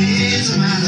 is mine.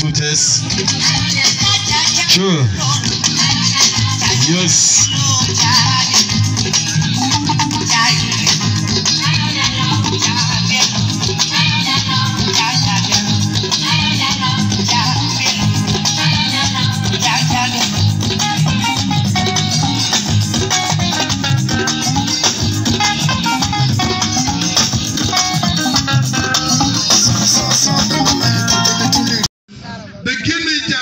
tutors. True. Yes.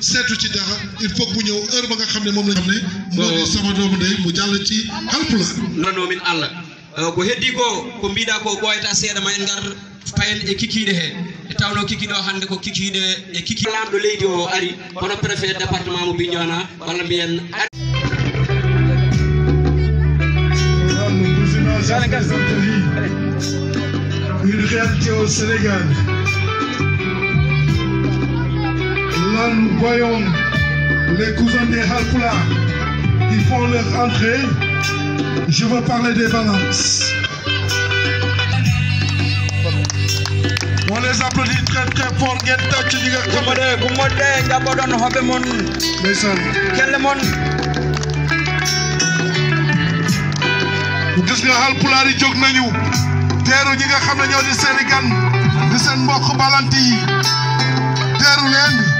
setu ci dara il faut bu mu heure ba nga xamne ne la xamne mo sama doom ndey mu jall ci halpulaar. nonno min allah euh, ko heddi ko ko mbiɗa ko ayta seeɗa ma en ngar payen e kikiiɗe he e tawno kikiiɗo hannde ko kikiiɗe e kiki lamɗo leydi o ari kono préfet département mo biñona walla mbiyen Une réalité au Sénégal. Là, nous voyons les cousins des Halkula qui font leur entrée. Je veux parler des balances. On les applaudit très très fort. Get touch, you get come on. Come on, come on. Y'a pas d'un hobby, mon. Listen. Quel mon. Gis nga hal pula di jog nañu teru ñi nga xamna ñoo di Sénégal di seen mbokk balanti yi teru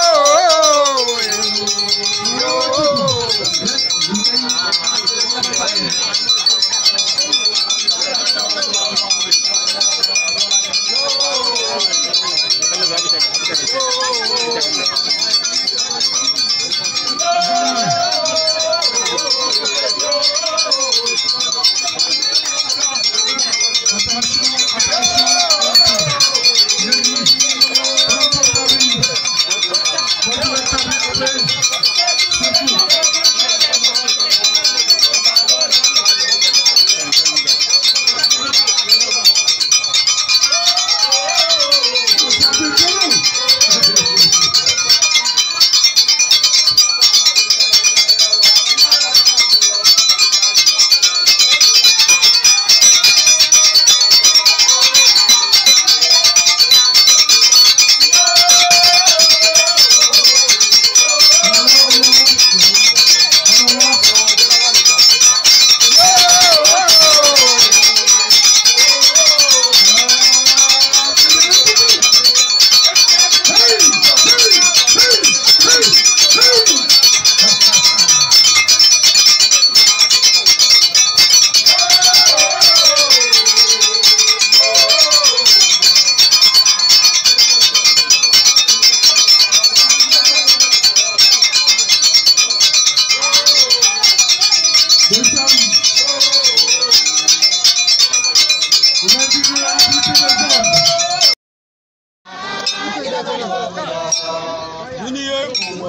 Merci.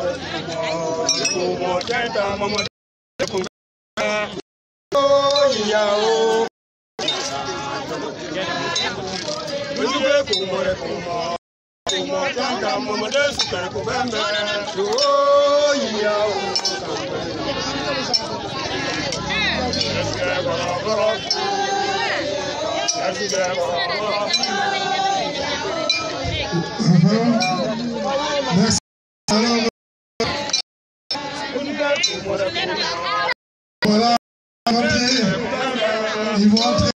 Voilà, il to.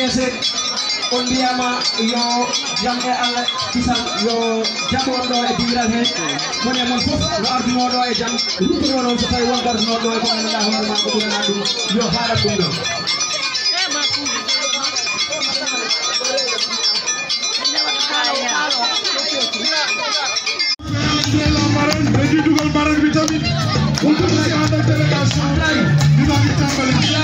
gesek on biyama yo jamɗe eh, allah kisan yo e eh, he eh. yo e so won e ko ma ko yo untuk saya ada delegasi, kita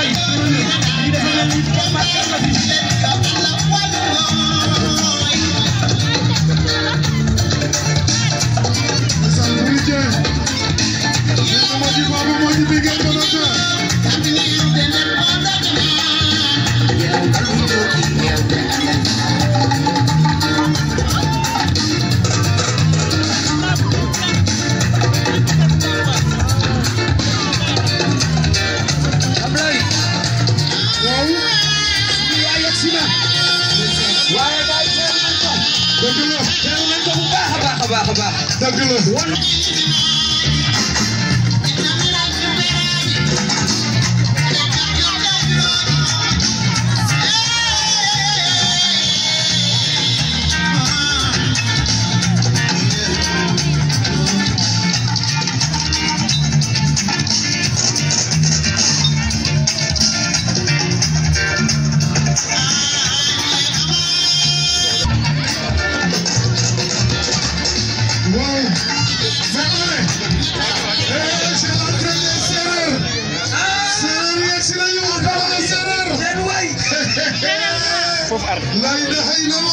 foofu no la ilaha illallah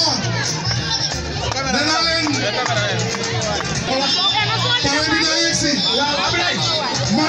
es la La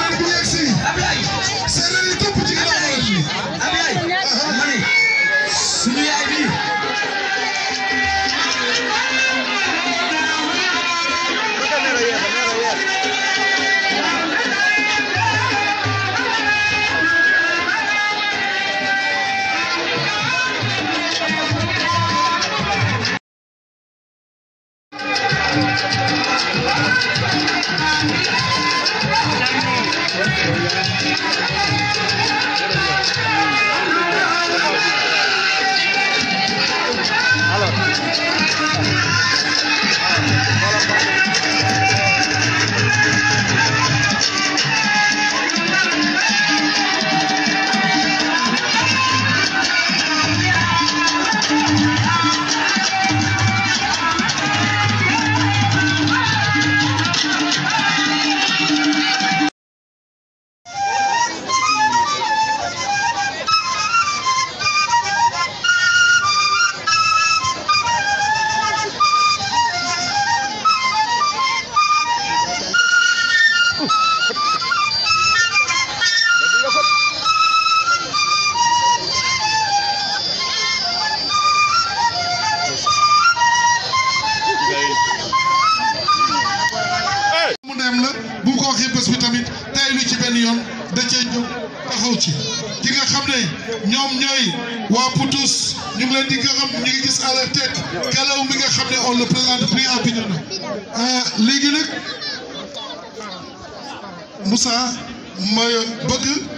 gisee bés bi tamit taylu ci benn yoon da cee jóg taxaw ci la tête galaw mi nga xam ne on le présente euh, léegi nag Moussa ma bëgg